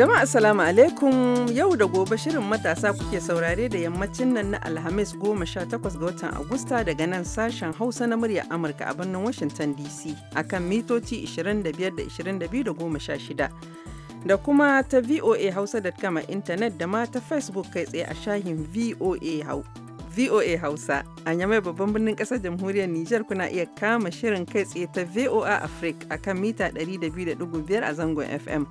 Jama'a assalamu alaikum yau da gobe shirin matasa kuke saurare da yammacin nan na Alhamis goma sha 18 ga watan Agusta daga nan sashen Hausa na muryar Amurka a birnin Washington DC akan mitoci 25 da 22 da 16. Da kuma ta VOA Hausa.com a intanet da ma ta Facebook kai tsaye a shahin VOA hau. VOA Hausa a Yamai babban birnin ƙasar jamhuriyar Nijar kuna iya kama shirin kai tsaye ta VOA Africa akan mita 102.5 a zangon FM.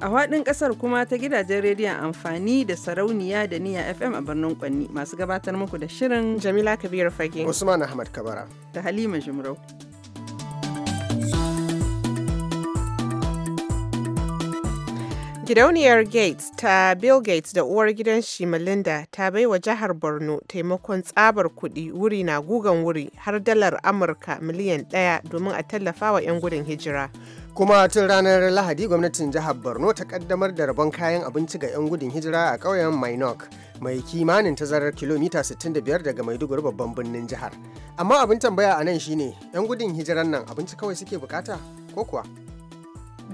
a faɗin ƙasar kuma ta gidajen rediyon amfani da sarauniya da niya fm a birnin kwanni masu gabatar muku da shirin jamila kabiru fage usman ahmad kabara da halima jimrau Gidauniyar Gates ta Bill Gates da uwar gidan shi Melinda ta bai wa jihar Borno taimakon tsabar kuɗi wuri na gugan wuri har dalar Amurka miliyan ɗaya domin a tallafa wa 'yan gudun hijira. kuma tun ranar lahadi gwamnatin jihar borno ta kaddamar da rabon kayan abinci ga 'yan gudun hijira a ƙauyen minok mai kimanin tazarar kilomita 65 daga maiduguri babban birnin jihar amma abin tambaya a nan shine 'yan gudun hijiran nan abinci kawai suke bukata ko kuwa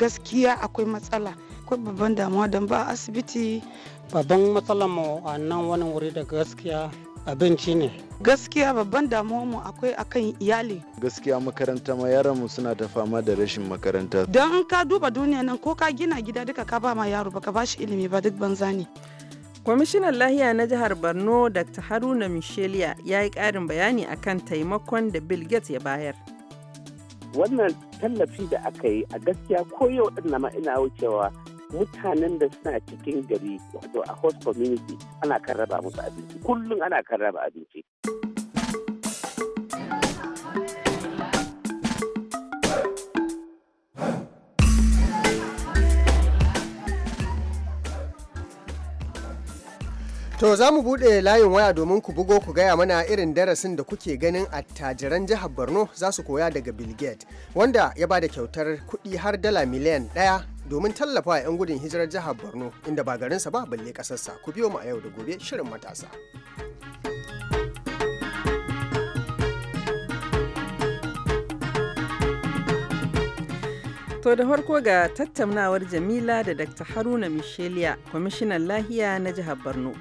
gaskiya akwai matsala akwai babban damuwa don ba asibiti babban matsalar mu a nan wani wuri da gaskiya abinci ne gaskiya babban mu akwai akan iyali gaskiya makaranta ma mu suna ta fama da rashin makaranta don ka duba duniya nan ko ka gina gida duka ka ba ma yaro baka bashi ilimi ba duk banza ne kwamishinan lahiya na jihar borno dr haruna michelia ya yi ƙarin bayani akan taimakon da bill gates ya bayar wannan tallafi da aka yi a gaskiya ko yau din ina wucewa mutanen da suna cikin gari wato a host community ana kan raba musu abinci kullum ana kan raba abinci To za mu buɗe layin waya domin ku bugo ku gaya mana irin darasin da kuke ganin attajiran jihar Borno za su koya daga Bill Gates wanda ya ba da kyautar kuɗi har dala miliyan ɗaya domin tallafa 'yan gudun hijirar jihar Borno inda ba garinsa ba balle kasarsa ku biyo mu a yau da gobe shirin matasa. To da farko ga tattaunawar Jamila da Dr. Haruna Michelia, kwamishinan lahiya na jihar Borno.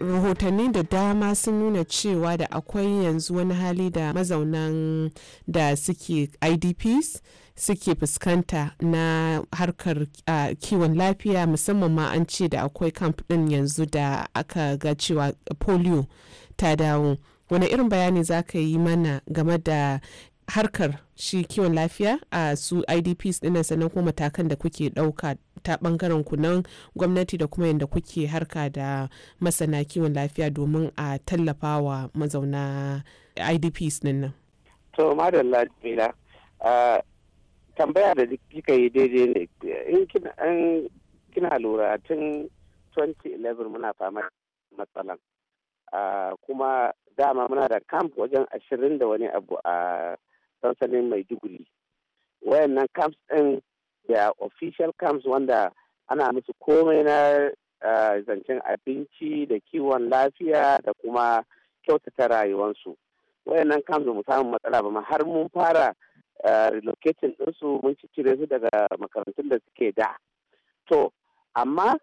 rahotanni da dama sun nuna cewa da akwai yanzu wani hali da mazaunan da suke idps suke fuskanta na harkar kiwon lafiya musamman ma an ce da akwai camp din yanzu da aka ga cewa polio ta dawo wani irin bayani za ka yi mana game da harkar shi kiwon lafiya a su idps ɗinnan sannan kuma matakan da kuke ɗauka ta bangaren ku nan gwamnati da kuma yadda kuke harka da masana kiwon lafiya domin a tallafa wa mazauna idps ɗinnan. to madalla tambaya da kika yi daidai ne in kina lura tun 2011 muna fama matsalan kuma dama muna da camp wajen ashirin da wani abu a sansanin maiduguri wayannan camps din da official camps wanda ana musu komai na zancen abinci da kiwon lafiya da kuma kyautata rayuwarsu wayannan camps ba mu samu matsala ba har mun fara relocating ɗinsu mun cire su daga makarantun da suke da to amma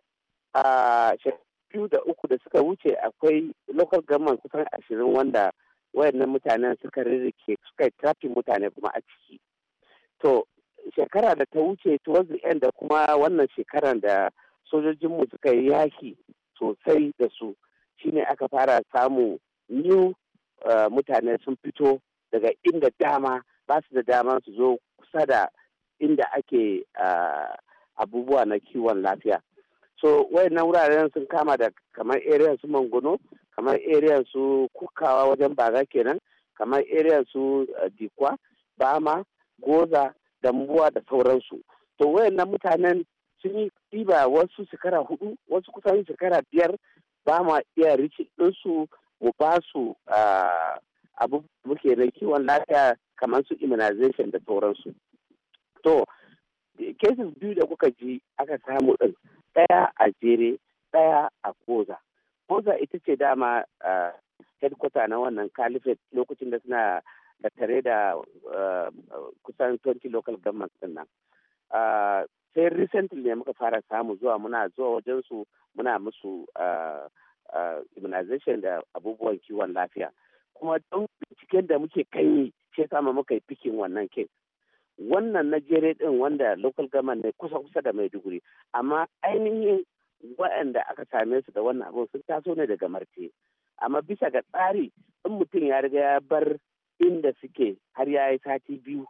biyu da uku da suka wuce akwai local government kusan ashirin wanda wayannan mutanen suka ririke suka trafin mutane kuma a ciki to shekara da ta wuce towards the end da kuma wannan shekaran da sojojinmu suka yi yaki sosai da su shine aka fara samu new mutane sun fito daga inda dama ba su da dama su zo kusa da inda ake abubuwa na kiwon lafiya so wayannan wuraren sun kama da kamar area su mangono kamar area su kukawa wajen baga kenan kamar area su eh, dikwa bama goza dambuwa da sauransu to wayannan mutanen sun yi ɗiba wasu shekara hudu wasu kusan shekara biyar ba ma iya rici ɗinsu mu ba su abu muke na kiwon lafiya kamar su immunization da sauransu to cases biyu da kuka ji aka samu ɗin ɗaya a jere ɗaya a koza koza ita ce dama headquarter na wannan caliphate lokacin da suna da tare da kusan 20 local governments din nan sai recently ne muka fara samu zuwa muna zuwa wajen su muna musu immunization da abubuwan kiwon lafiya kuma don binciken da muke kai ce sama muka yi fikin wannan kek wannan na jere din wanda local government ne kusa kusa da maiduguri amma ainihin waɗanda aka same su da wannan abu sun taso ne daga marte amma bisa ga tsari in mutum ya riga ya bar inda suke har ya yi sati biyu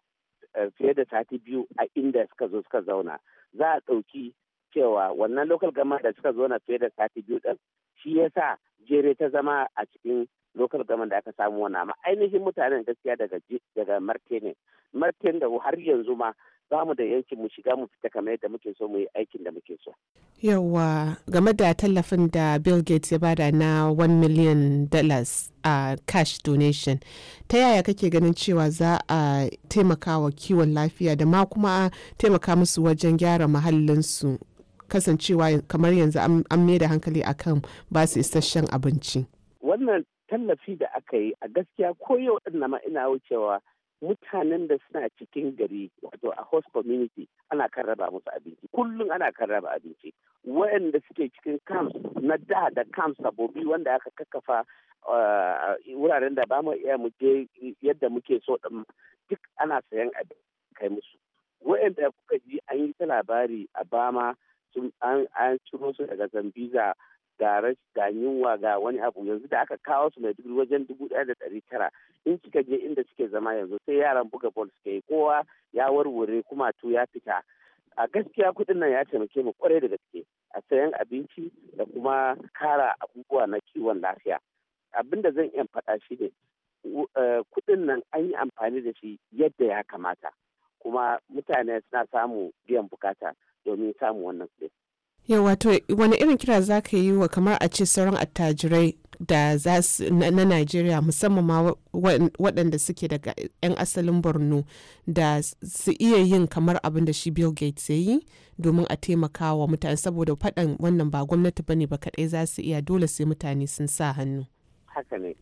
eh, fiye da sati biyu a inda suka zo suka zauna za a ɗauki cewa wannan local government da suka zauna fiye da sati biyu ɗin shi yasa jere ta zama a cikin lokal gaman da aka samu wani amma ainihin mutanen gaskiya daga daga martini martini da har yanzu ma za mu da yankin mu shiga mu fita kamar yadda muke so mu yi aikin da muke so. Yawwa game da tallafin da Bill Gates ya bada na 1 million dollars a cash donation ta yaya kake ganin cewa za a taimaka taimakawa kiwon lafiya da ma kuma taimaka musu wajen gyara muhallinsu kasancewa kamar yanzu an an da hankali akan ba su isasshen abinci. Wannan tallafi da aka yi a gaskiya ko yau din ma ina wucewa mutanen da suna cikin gari wato a host community ana kan raba musu abinci kullum ana karraba raba abinci waɗanda suke cikin camps na da da camps sabobi wanda aka kakkafa eh, wuraren da ba mu iya mu je yadda muke so din duk ana sayan abinci kai musu waɗanda kuka ji an yi ta labari a bama an ciro su daga zambiza da yunwa ga wani abu yanzu da aka kawo su mai dubu wajen dubu ɗaya da ɗari tara in kika je inda suke zama yanzu sai yaran buga bol suke yi kowa ya warware kuma tu ya fita a gaskiya kuɗin nan ya taimake mu kwarai da gaske a sayan abinci da kuma kara abubuwa na kiwon lafiya abin da zan iya faɗa shi ne eh, kuɗin nan an yi amfani da shi yadda ya kamata kuma mutane suna samu biyan bukata domin samu wannan kudin. yau wato wani irin kira za ka yi wa kamar a ce sauran attajirai da za su na Najeriya musamman ma waɗanda suke daga 'yan asalin Borno da su iya yin kamar abin da shi Bill Gates ya yi domin a taimaka wa mutane saboda faɗan wannan ba gwamnati ba ne ba kaɗai za su iya dole sai mutane sun sa hannu. Haka ne.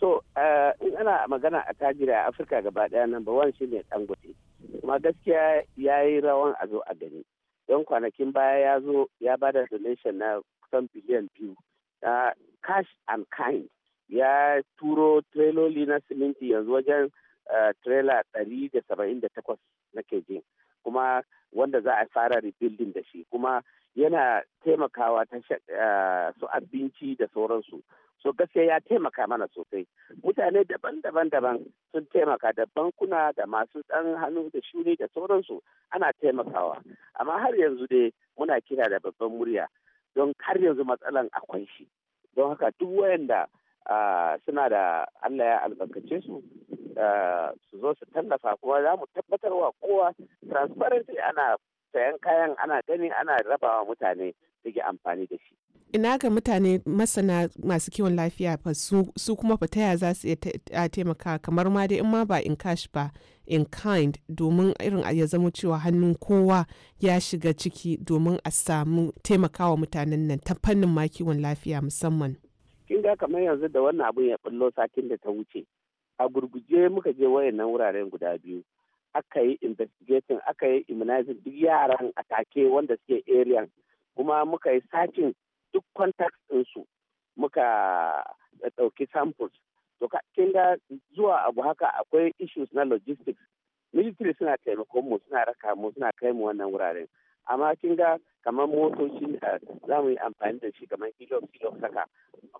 To eh, in ana magana a tajira a Afirka gaba ɗaya number ne ɗan Dangote. Kuma gaskiya ya yi rawan a zo a gani. yan kwanakin baya ya zo ya ba da donation na kusan biliyan biyu na cash and kind ya turo treloli na siminti yanzu wajen eh, trela ɗari da saba'in da takwas na kejin. kuma wanda za a fara rebuilding da shi kuma yana taimakawa ta eh, su abinci da sauransu so gaskiya ya taimaka mana sosai mutane daban-daban daban sun taimaka da bankuna da masu ɗan hannu da shuni da sauransu ana taimakawa amma har yanzu dai muna kira da babban murya don har yanzu matsalan akwai shi don haka duk wayanda ah, suna da allah ya albarkace su su zo su tallafa kuma za mu wa kowa transparency ana sayan kayan ana gani ana rabawa mutane suke amfani da shi. Ina ga mutane masana masu kiwon lafiya fa su kuma fa ta za su iya taimaka kamar ma dai in ma ba in cash ba in kind domin irin ya zama cewa hannun kowa ya shiga ciki domin a samu taimakawa mutanen nan ta fannin ma kiwon lafiya musamman. Kin ga kamar yanzu da wannan abun ya bullo satin da ta wuce a gurguje muka je wayannan wuraren guda biyu aka yi investigating aka yi immunizing duk yaran a wanda suke area kuma muka yi sakin duk contact ɗinsu muka eh, ɗauki samples to kin ga zuwa abu haka akwai issues na logistics military suna taimakon mu suna raka mu suna kai mu wannan wuraren amma kin ga kamar motoci da za mu yi amfani da shi kamar kilo kilo saka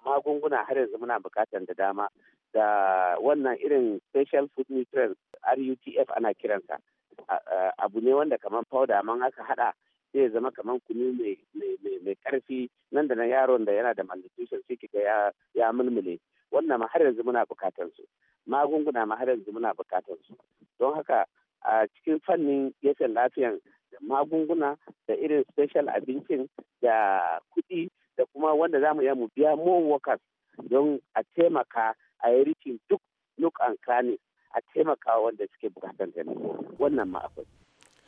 magunguna har yanzu muna bukatar da dama da wannan irin special food nutrients rutf ana kiransa abu ne wanda kamar powder man aka hada zai zama kamar kunu mai karfi nan da nan yaron da yana da malnutrition sai kiga ya mulmule wannan ma har yanzu muna bukatar su magunguna ma har yanzu muna bukatar su don haka a cikin fannin gefen lafiyan da magunguna da irin special abincin da kuɗi da kuma wanda za mu iya mu biya more workers don a taimaka a yi rikin duk nuk an kane a taimaka wanda suke bukatan taimako wannan ma akwai.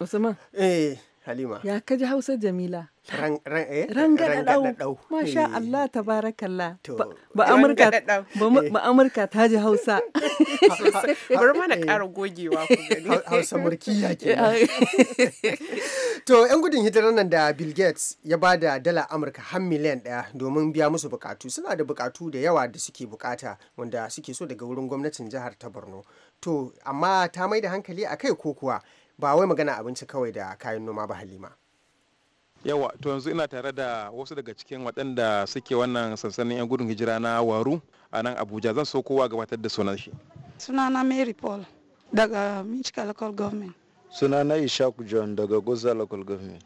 Usman? Eh. Halima. Ya kaji Hausa Jamila. Eh? ɗau Masha eh. Allah tabarakallah. Ba Amurka ba Amurka ta ji Hausa. Bari mana eh. ƙara gogewa ku gani. Hausa ya ke. To yan gudun hijirar nan da Bill Gates ya ba da dala Amurka har miliyan ɗaya domin biya musu bukatu. Suna da bukatu da yawa da suke bukata wanda suke so daga wurin gwamnatin jihar ta Borno. To amma ta mai da hankali a kai ko kuwa ba wai magana abinci kawai da kayan noma ba halima yawa to yanzu ina tare da wasu daga cikin waɗanda suke wannan sansanin 'yan gudun hijira na waru a nan abuja zan so kowa gabatar da sunan shi sunana mary paul daga michigan local government sunana ishaku john daga goza local government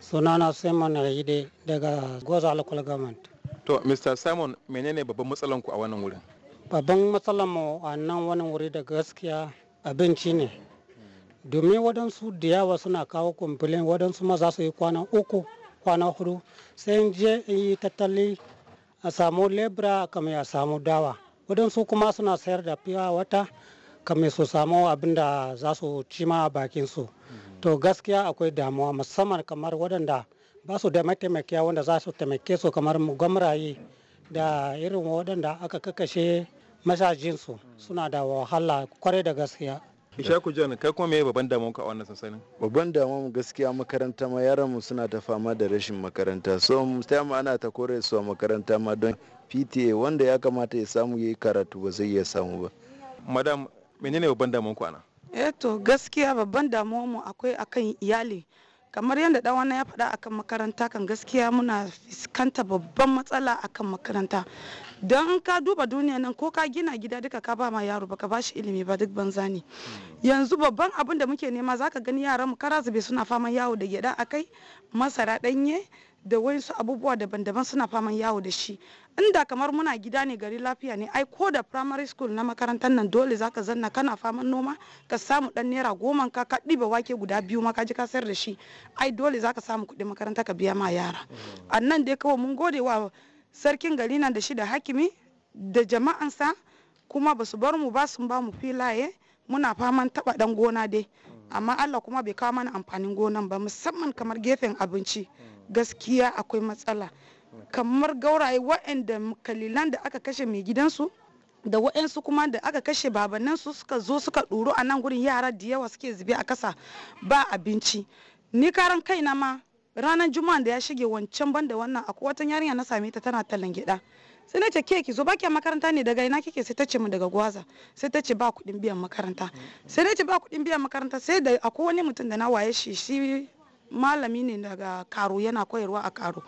sunana simon rahide daga goza local government to mr simon menene babban matsalanku a wannan wurin babban matsalan mu a nan wannan wuri da gaskiya abinci ne domin waɗansu da yawa suna kawo kumfilin waɗansu ma za su yi kwana uku kwana hudu sai in je in yi tattali a samu lebra kamar ya samu dawa waɗansu kuma suna sayar da fiya wata kamar su samu abin da za su ci ma bakin to gaskiya akwai damuwa musamman kamar waɗanda ba su da mataimakiya wanda za su taimake su kamar gwamraye da irin waɗanda aka kakashe masajinsu suna da wahala kwarai da gaskiya Ishaku John kai kuma meye babban damuwa ka a wannan sansanin? Babban damuwar gaskiya makaranta ma yaran mu suna ta fama da rashin makaranta. So mu ana ta kore su a makaranta ma don PTA wanda ya kamata ya samu yayi karatu ba zai iya samu ba. Madam menene babban damuwa ku ana? Eh to gaskiya babban damuwar mu akwai akan iyali. kamar yadda dan wannan ya faɗa akan makaranta kan gaskiya muna fuskanta babban matsala akan makaranta don in ka duba duniya nan ko ka gina gida duka ka ba ma yaro baka ba shi ilimi ba duk banza ne yanzu babban abin da muke nema zaka gani yaran mu kara zube suna faman yawo da gyada akai masara danye da wasu abubuwa daban-daban suna faman yawo da shi inda kamar muna gida ne gari lafiya ne ai ko da primary school na makarantar nan dole zaka zanna kana faman noma ka samu dan naira goma ka ka ɗiba wake guda biyu ma ka ji ka sayar da shi ai dole zaka samu kuɗin makaranta ka biya ma yara annan dai kawai mun gode wa sarkin gari nan da shi da hakimi da jama'ansa kuma ba su bar mu ba sun ba mu filaye muna faman taba dan gona dai amma Allah kuma bai kawo mana amfanin gonan ba musamman kamar gefen abinci gaskiya akwai matsala kamar gauraye waɗanda kalilan da aka kashe mai gidansu da waɗansu kuma da aka kashe babanansu suka zo suka ɗoro a nan gurin yara da yawa suke zube a kasa ba abinci ni karan na ma ranar juma'an da ya shige wancan ban da wannan akwai wata yarinya na same ta tana tallan gida sai na ce ke ki zo baki makaranta ne daga ina kike sai ta ce mu daga gwaza sai ta ce ba kuɗin biyan makaranta sai na ce ba kuɗin biyan makaranta sai da akwai wani mutum da na waye shi shi malami ne daga karo yana koyarwa a karo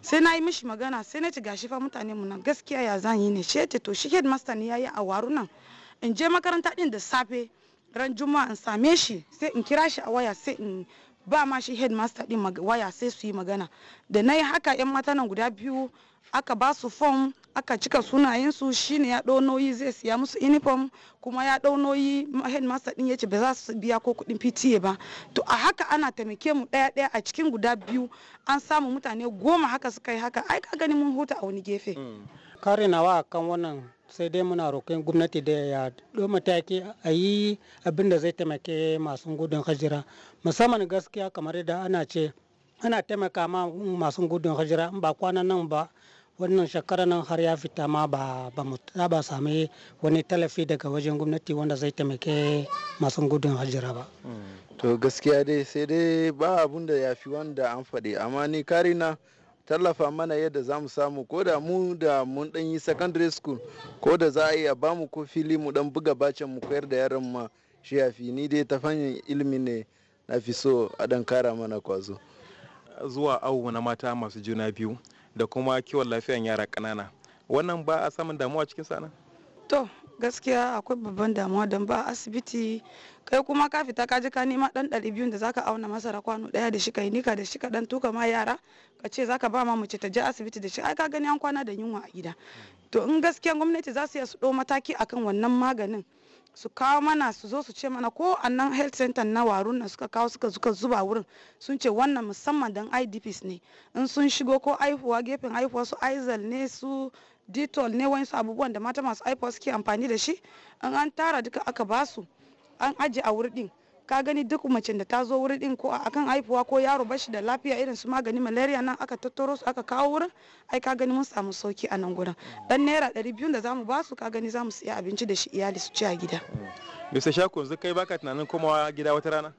sai na yi mishi magana sai na ci gashi fa mutane mu nan gaskiya ya zan yi ne shi to shi headmaster ne yayi a waru nan in je makaranta din da safe ran juma'a in same shi sai in kira shi a waya sai in ba ma shi headmaster din waya sai su yi magana da na yi haka yan mata nan guda biyu aka ba su fom aka cika sunayensu shine ya zai siya musu uniform kuma ya ɗau nauyi headmaster din ya ce ba za su biya ko kuɗin PTA ba to a haka ana taimake mu ɗaya ɗaya a cikin guda biyu an samu mutane goma haka suka yi haka ai ka gani mun huta a wani gefe mm. kare nawa kan wannan sai dai muna roƙon gwamnati da ya ɗo mataki a yi abin da zai taimake masu gudun hajira musamman gaskiya kamar yadda ana ce ana taimaka ma masu gudun hajira ba kwanan nan ba wannan shekarar nan har ya fita ma ba ba ba sami wani tallafi daga wajen gwamnati wanda zai taimake masu gudun hajjira ba mm. to gaskiya dai sai dai ba abun da ya fi wanda an faɗi amma ni na tallafa mana yadda za mu samu ko da mu da mun dan yi secondary school ko da za a iya ba mu ko fili mu dan buga bacin mu koyar da yaran ma shi ya fi ni dai ta ilimi ne na fi so a dan kara mana kwazo zuwa awu na mata masu juna biyu da kuma kiwon lafiyan yara ƙanana wannan ba a samun damuwa cikin sana to gaskiya akwai babban damuwa don ba asibiti kai kuma ka fita ka ji ka nema dan 200 da zaka auna masara kwano daya da shi ka nika da shi ka dan tuka ma yara ka ce zaka ba ma mace ta je asibiti da shi ai ka gani an kwana da yunwa a gida to in gaskiya gwamnati za su iya su mataki akan wannan maganin su kawo mana su zo su ce mana ko annan health center na warun na suka kawo suka zuka zuba wurin sun ce wannan musamman dan idps ne in sun shigo ko haihuwa gefen aifuwa su aizal ne su detol ne wani su abubuwan da mata masu aifuwa suke amfani da shi in an tara duka aka basu an aje a wurin din ka gani duk macen da ta zo wurin din ko akan haifuwa ko yaro bashi da lafiya irin su magani malaria nan aka tattaro su aka kawo wurin ai ka gani mun samu sauki a nan gurin dan naira ɗari biyu da zamu ba su ka gani zamu siya abinci da shi iyali su ci a gida. Mr. Mm. Shaku yanzu kai baka tunanin komawa gida wata rana?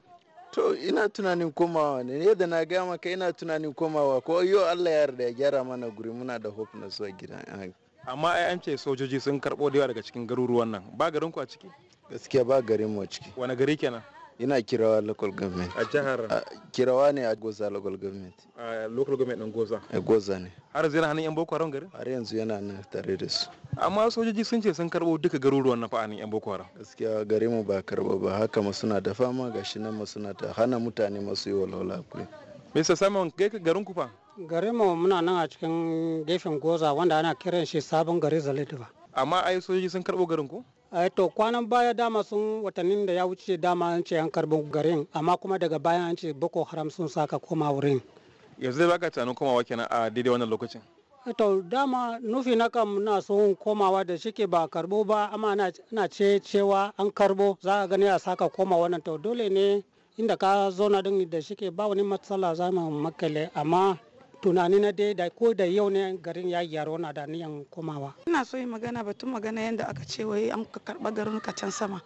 To ina tunanin komawa ne yadda na gaya maka ina tunanin komawa ko yau Allah ya yarda ya gyara mana guri muna da hope na zuwa gida. Amma ai an ce sojoji sun karɓo da yawa daga cikin garuruwan nan ba garin ku a ciki? Gaskiya ba garin a ciki. Wani gari kenan? ina kirawa local government a jihar kirawa ne a goza local government a local government ɗin goza a goza ne har yanzu yana hannun yan boko haram garin har yanzu yana nan tare da su amma sojoji sun ce sun karbo duka garuruwan na fa'anin yan boko haram gaskiya gare mu ba karbo ba haka ma suna da fama gashi nan ma suna ta hana mutane masu yi walwala akwai Mr. Simon kai garin ku fa gare mu muna nan a cikin gefen goza wanda ana kiran shi sabon gari ba. amma ai sojoji sun karbo garin ku Eh, to kwanan baya dama sun watannin da ya wuce dama an ce an karbin garin amma kuma daga baya an ce boko haram sun saka koma wurin yanzu zai baka tunanin komawa kenan a daidai wannan lokacin eh, to dama nufi na kam na son komawa da shike ba karbo ba amma na ce cewa an karbo za a gani a saka koma wannan to dole ne inda ka zauna na da shike ba wani matsala za mu makale amma tunani na dai da ko da yau ne garin ya yaro na da niyan komawa ina so yi magana batun magana yadda aka ce wai an karɓa garnuka can sama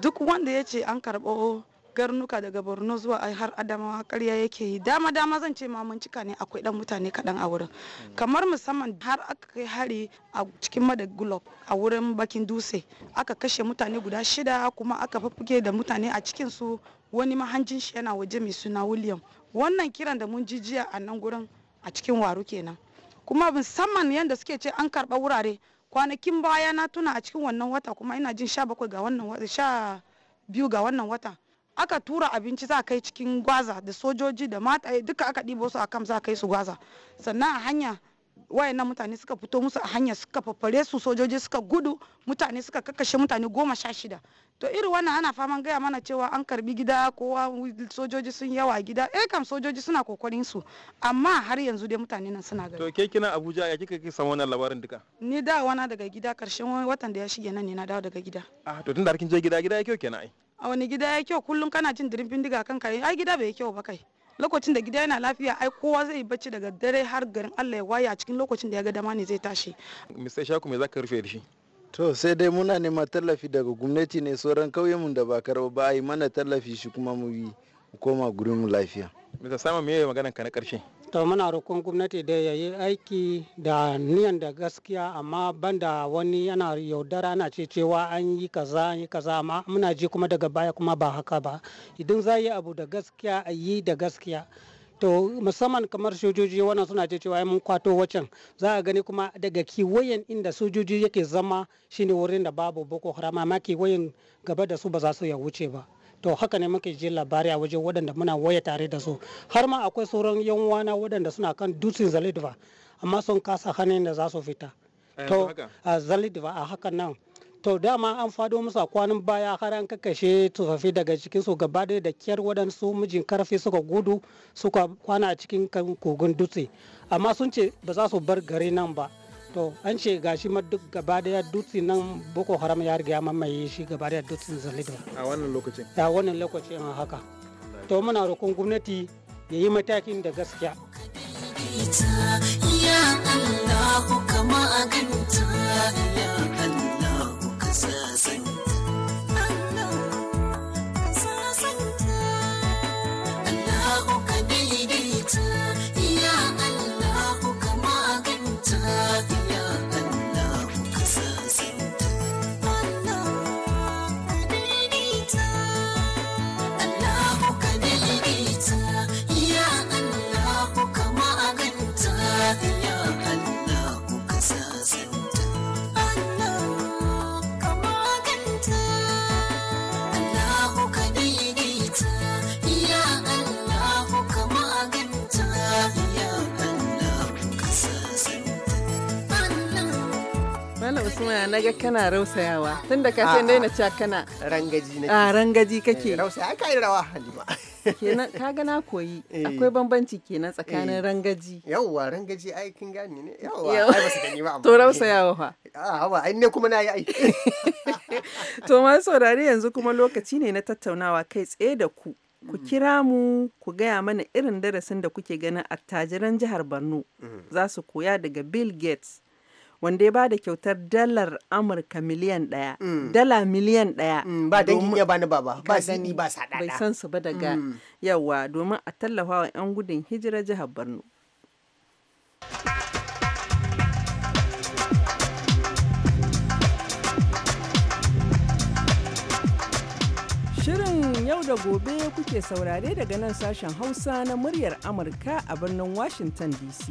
duk wanda ya ce an karɓo garnuka daga borno zuwa har adamawa karya yake yi dama dama zan ce mun cika ne akwai dan mutane kaɗan a wurin kamar musamman har aka kai hari a cikin Gulop a wurin bakin dutse aka kashe mutane guda shida kuma aka fafuke da mutane a cikin su wani mahanjin shi yana waje mai suna william wannan kiran da mun ji jiya a nan gurin a cikin waru kenan kuma musamman yadda suke ce an karba wurare kwanakin baya na tuna a cikin wannan wata kuma ina jin sha bakwai ga wannan wata sha biyu ga wannan wata aka tura abinci za kai cikin gwaza da sojoji da mata eh, duka aka ɗibo su a kam za kai su gwaza sannan a hanya wayannan mutane suka fito musu a hanya suka fafare su sojoji suka gudu mutane suka kakkashe mutane goma sha shida to irin wannan ana faman gaya mana cewa an karbi gida kowa sojoji sun yawa gida eh kam sojoji suna kokarin su amma har yanzu dai mutane nan suna gari to ke kina Abuja ya kika ki samu wannan labarin duka ni da wana daga gida karshen watan da ya shige nan ne na dawo daga gida ah to tunda kin je gida gida ya kyau kenan ai a wani gida ya kyau kullum kana jin dirin bindiga kan kai eh, ai gida bai kyau ba kai lokacin da gida yana lafiya ai kowa zai bacci daga dare har garin Allah ya waya a cikin lokacin da ya ga dama ne zai tashi Mr. Shaku me zaka rufe da shi To sai dai muna neman tallafi daga gwamnati ne sauran kauyenmu da ba karɓa ba a yi mana tallafi shi kuma mu yi koma gurin mu lafiya. Mr. Simon me yayi magana ka na karshe? To muna roƙon gwamnati da ya yi aiki da niyan da gaskiya amma banda wani yana yaudara ana ce cewa an yi kaza an yi kaza amma muna ji kuma daga baya kuma ba haka ba. Idan za yi abu da gaskiya a yi da gaskiya. to musamman kamar sojoji wannan suna ce cewa mun kwato wacan za a gani kuma daga kiwayen inda sojoji yake zama shine wurin da babu boko haram amma kiwayen gaba da su ba za su ya wuce ba to haka ne muke je labari a waje waɗanda muna waya tare da su har ma akwai sauran yan wana waɗanda suna kan dutsen zalidva amma sun kasa hannun da za su fita to zalidva a hakan nan to dama an fado musu a kwanan baya har an kakashe tufafi daga cikin su gaba da kyar waɗansu mijin karfi suka gudu suka kwana a cikin kogon dutse amma sun ce ba za su bar gari nan ba to an ce gashi ma duk gaba daya dutse nan boko haram ya riga mamaye shi gaba daya dutsen zalido a wannan lokacin a wannan lokacin haka to muna roƙon gwamnati ya yi matakin da gaskiya ya Allah kuma a Mala Usman na ga kana rausayawa tunda ka san daina cewa kana rangaji ne. A rangaji kake. Eh, rausaya kai rawa Halima. kenan ka na koyi eh. akwai bambanci kenan tsakanin eh. rangaji yawwa rangaji ai kin gani ne yawwa ai ba su gani ba amma to rausayawa fa a ah, ba ai ne kuma nayi ai to ma saurare yanzu kuma lokaci ne na tattaunawa kai tsaye da ku ku hmm. kira mu ku gaya mana irin darasin da kuke ganin attajiran jihar Borno hmm. za su koya daga Bill Gates wanda ya bada kyautar dalar amurka miliyan ɗaya mm. dala miliyan ɗaya mm, ba dangin ya bani baba ba sini ba sadada bai san su ba daga mm. yawa domin a tallafa wa 'yan gudun hijira jihar borno Shirin yau da gobe kuke saurare daga nan sashen Hausa na muryar Amurka a birnin Washington DC.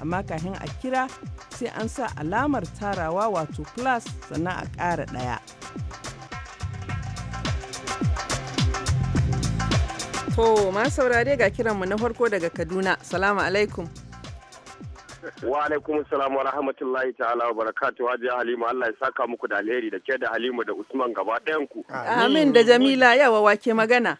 amma kafin a kira sai an sa alamar tarawa wato plus sannan a ƙara ɗaya. To ma saurare ga kiranmu na farko daga Kaduna. Salamu alaikum. Wa alaikum salam wa rahmatullahi ta'ala wa barakatuhu Hajiya Halima Allah ya saka muku da alheri da ke da Halima da Usman gaba ɗayan ku. Amin da Jamila yawa wake magana.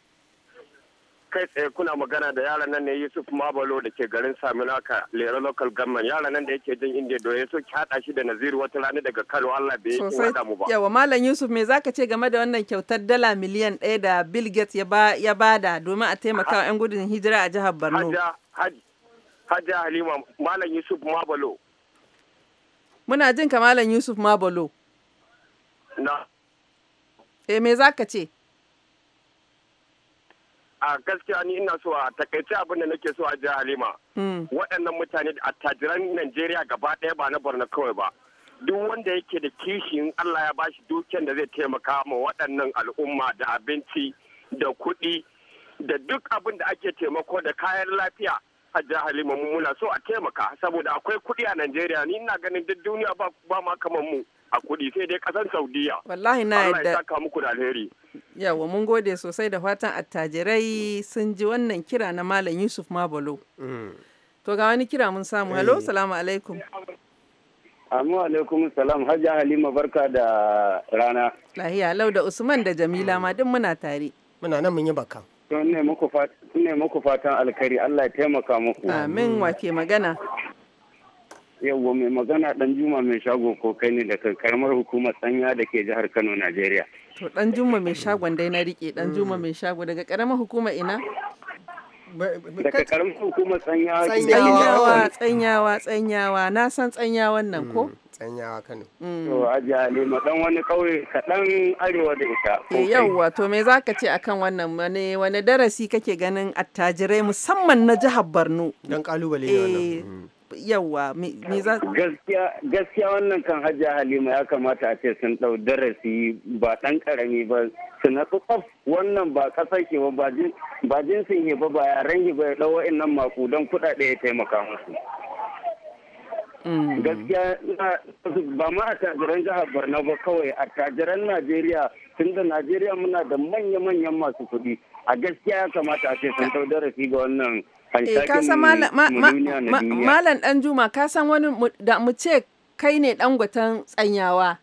kai tsaye kuna magana da yaran nan ne Yusuf Mabalo da ke garin Saminaka Lera Local Government yaran nan da yake jin inda do ya so ki hada shi da Naziru wata rana daga Kano Allah bai yi da mu ba. Yawa Malam Yusuf me zaka ce game da wannan kyautar dala miliyan ɗaya da Bill Gates ya ba ya bada domin a taimaka wa 'yan gudun hijira a jihar Borno. Hajja Halima Malam Yusuf Mabalo. Muna jin ka Malam Yusuf Mabalo. Na. Eh me zaka ce? a gaskiya ni ina so a takaice abin da nake so a ji halima hmm. waɗannan mutane a attajiran najeriya gaba ɗaya ba na borno kawai ba duk wanda yake da kishin allah ya bashi dukiyar da zai taimaka ma waɗannan al'umma da abinci da kuɗi da duk abin da ake taimako da kayan lafiya a halima mu muna so a taimaka saboda akwai kuɗi a najeriya ni ina ganin duk duniya ba ma kamar mu a kuɗi sai dai kasar saudiya wallahi na yadda Allah ya saka muku da alheri yawa mun gode sosai da fatan attajirai sun ji wannan kira na malam yusuf mabalo mm. to ga wani kira mun samu halo eh. salamu alaikum Amu alaikum salam hajja halima barka da rana lahiya lau da usman da jamila ma duk muna tare muna nan mun yi baka ne muku fatan alkari Allah ya taimaka muku amin wa ke magana yawwa mai magana dan juma mai shago ko kai ne daga karamar hukumar sanya da ke jihar kano najeriya to dan juma mai shagon dai na rike dan juma mai shago daga karamar hukumar ina daga karamar hukumar sanya tsanyawa tsanyawa tsanyawa na san tsanyawan nan ko mm, tsanyawa kano mm. to aji halima dan wani kauye kaɗan arewa da ita eh, yawwa to me zaka ce akan wannan wani wani darasi kake ganin attajirai musamman na jihar borno dan kalubale ne wannan eh, mm. yawa me za gaskiya wannan kan hajiya halima ya kamata a ce sun dau darasi ba dan karami ba su na tsof wannan ba kasar ke ba ba jinsin ba ba yaren ke ba ya ɗau wa'innan makudan kudade ya taimaka musu mm. gaskiya ba ma a tajiran jihar borno ba kawai a tajiran najeriya tun da najeriya muna da manya-manyan masu kuɗi a gaskiya ya kamata a ce sun darasi ga wannan Eh, malam dan juma ka san wani da mu ce kai ne dangwatan tsanyawa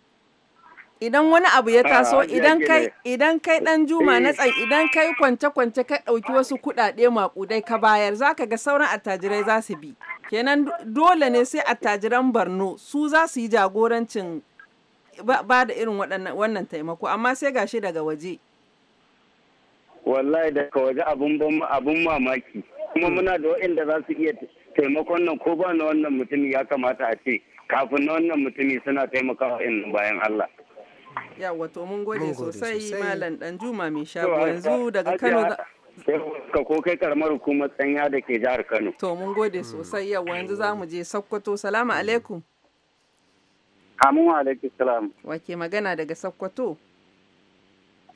idan wani abu ya ah, taso idan kai eh. idan kai dan juma na tsan idan kai kwance kwance ka ɗauki wasu kuɗaɗe makudai ka bayar za ka ga sauran attajirai za su bi kenan dole ne sai attajiran barno su za su yi jagorancin ba da irin wannan taimako amma sai gashi daga waje wallahi daga waje abun mamaki kuma muna da waɗanda za su iya taimakon nan ko ba na wannan mutumi ya kamata a ce kafin na wannan mutumi suna taimakawa in bayan Allah. Ya wato mun gode sosai Malam dan juma mai shago yanzu daga Kano ka ko kai karamar hukumar tsanya da ke jihar Kano. To mun gode sosai yau yanzu za mu je Sokoto. Salamu alaikum. Amin wa alaikum salam. Wake magana daga Sokoto?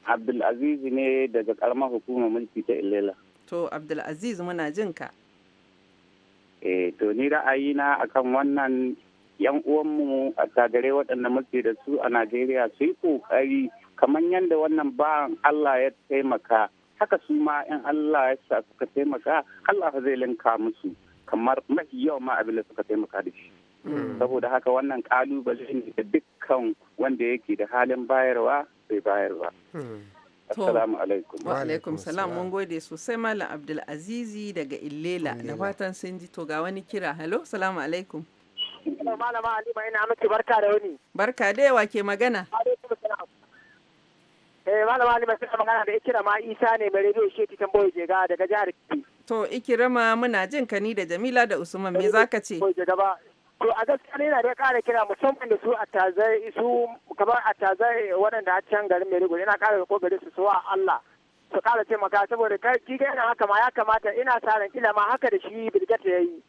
Abdulaziz ne daga karamar hukumar mulki ta Ilela. To Abdulaziz muna jin ka. Eh to ni ra'ayina akan wannan yan uwanmu a tagare waɗanda muke da su a Najeriya su yi ƙoƙari kamar yadda wannan ba Allah ya taimaka haka su ma in Allah ya sa suka taimaka Allah zai linka musu kamar mafi yau ma abin da suka taimaka da shi. Mm. Saboda haka wannan ƙalubale ne da dukkan wanda yake da halin bayarwa bai bayarwa. Mm. Assalamu alaikum. Wa alaikum salam mun gode sosai Malam Abdul Azizi daga Illela da fatan sun ji to ga wani kira. Hello, salamu alaikum. Malama Halima ina miki barka da wani. Barka da yawa ke magana. Eh Malama Halima suna magana da Ikirama Isa ne mai rediyo Sheti Tamboyi Jega daga jihar To Ikirama muna jin ka ni da Jamila da Usman me eh, zaka ce? Jega ba To a gaskiya ne na da ƙara kira musamman da su a tazai su kamar a tazai waɗanda a can garin Maiduguri ina ƙara ko gare su so a Allah su ƙara taimaka saboda kai ga yana haka ma ya kamata ina tsarin kila ma haka da shi bilgata ya yi.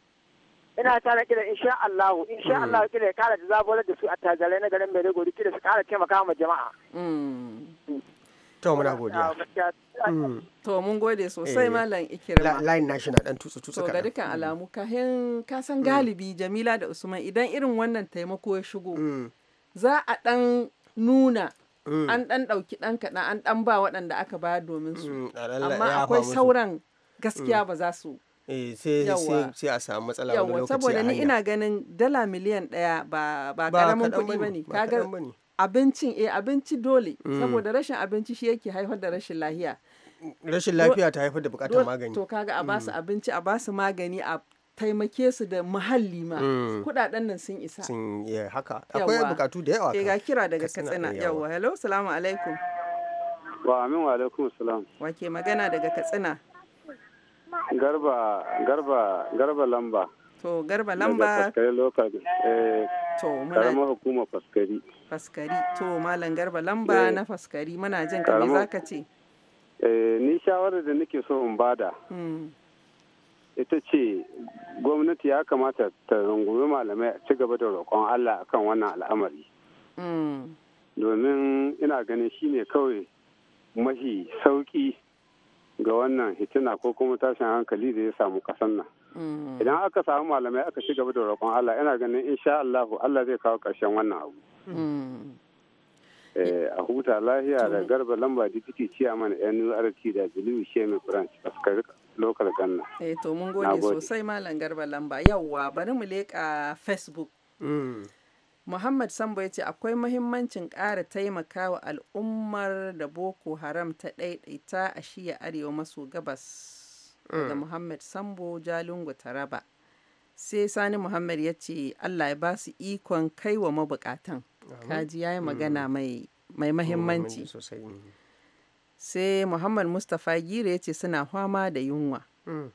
ina tare kila insha Allah insha hmm. Allah kila ya kara da zaburar da su a tazai na garin Maiduguri kila su kara taimaka ma jama'a hmm. to muna godiya mm. to mun gode sosai eh, malam ikirma line nashi na dan tutsu tutsu to ga dukkan mm. alamu hin ka san mm. galibi jamila da usman idan irin wannan taimako ya shigo za a dan nuna an dan dauki dan kaɗan an dan ba waɗanda aka ba domin su amma akwai sauran gaskiya ba za su eh, sai a samu matsala wani lokaci saboda ni ina ganin dala miliyan ɗaya ba karamin kuɗi ba ne abincin eh abinci dole mm. saboda rashin abinci shi yake haifar da rashin lafiya rashin lafiya ta haifar da bukatar magani to kaga a basu mm. abinci a basu magani a taimake su da muhalli ma mm. kudaden nan sun isa sun haka akwai bukatu da yawa eh, ga kira daga katsina yawa hello salamu alaikum wa amin wa alaikum salam wake magana daga katsina garba garba garba lamba to garba lamba daga faskari lokacin eh to muna karamar hukumar faskari faskari to malam garba lamba eh, na faskari mana jin ka me zaka ce eh, ni shawarar da nake so in bada hmm. ita ce gwamnati ya kamata ta rungumi malamai a ci gaba da roƙon Allah akan wannan al'amari hmm. domin ina ganin shi ne kawai mafi sauƙi ga wannan hitina ko kuma tashin hankali da ya samu kasan nan hmm. idan aka samu malamai aka ci gaba da roƙon Allah ina ganin insha Allah Allah zai kawo ƙarshen wannan abu Eh, a huta lahiya da garba lamba da dikiti mana nurt da shi mai france askar lokal ganna eh to mun gode sosai malam garba lamba yawwa bari mu leka facebook mm. Muhammad Sambo ya ce akwai mahimmancin ƙara taimakawa al'ummar da Boko Haram ta ɗaiɗaita a shiya arewa maso gabas mm. Da Muhammad Sambo jalungu Taraba. Sai Sani Muhammad ya ce Allah ya ba su ikon kaiwa mabukatan. kaji ya yi mm. magana mai mahimmanci mm. sai muhammad mustapha gire ya ce suna fama da yunwa mm.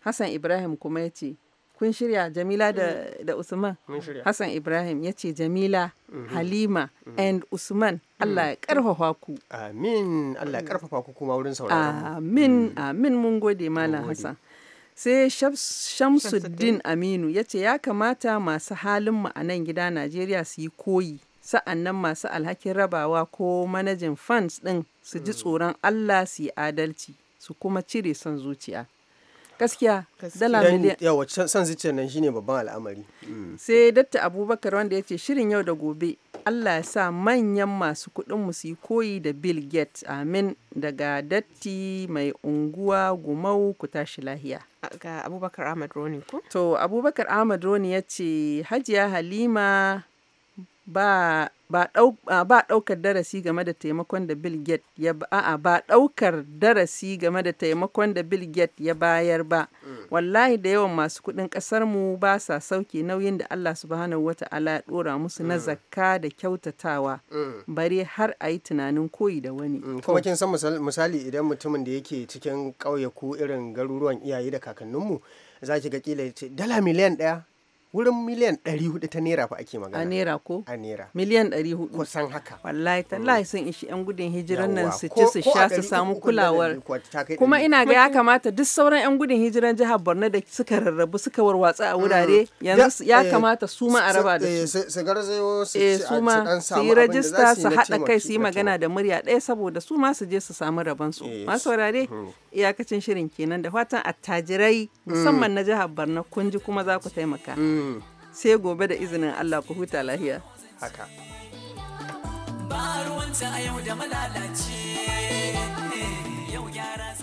hassan ibrahim kuma ya ce kun shirya jamila da, usman hassan ibrahim ya ce jamila mm-hmm. halima mm-hmm. and usman allah ya karfafa ku amin allah ya karfafa ku kuma wurin sauraron amin amin mun gode malam hassan sai shamsuddin aminu ya ce ya kamata masu halin a nan gida najeriya su yi koyi sa'annan masu alhakin rabawa ko manajin fans ɗin su ji hmm. tsoron allah su yi adalci su kuma cire son zuciya gaskiya dala miliyan yawa san zuciyar nan shine babban al'amari mm. sai datta abubakar wanda ya ce shirin yau da gobe allah ya sa manyan masu kuɗin mu koyi da bill gates amin daga datti mai unguwa gumau ku tashi lahiya ga abubakar ahmad roni ko to abubakar ahmad roni ya ce hajiya halima ba ba ɗaukar darasi game da taimakon da Bill Gates ya a'a ba ɗaukar darasi game da taimakon da Bill Gates ya bayar ba mm. wallahi da yawan masu kuɗin ƙasar mu ba sa sauke nauyin da Allah subhanahu wata'ala ya ɗora musu na mm. zakka da kyautatawa mm. bare har a yi tunanin koyi da wani kuma kin san misali idan mutumin da yake cikin ƙauye ko irin garuruwan iyaye da kakanninmu za ki ga kila dala miliyan ɗaya wurin miliyan 400 ta naira fa ake magana a naira ko a naira miliyan 400 kusan haka wallahi tallahi mm. sun ishi yan gudun hijiran nan su ci su sha su samu kulawar kuma ina ga ya kamata duk sauran yan gudun hijiran jihar Borno da suka rarrabu suka warwatsa a wurare mm. yanzu ya eh, kamata su ma a raba da eh, su su eh, ma su su yi rajista su haɗa kai su yi magana da murya ɗaya saboda su ma su je su samu rabon su masu wurare mm. iyakacin shirin kenan da fatan attajirai musamman na jihar Borno kun ji kuma za ku taimaka. sai gobe da izinin Allah ku huta lahiya haka ba ruwanta a yau da malalaci yau gyara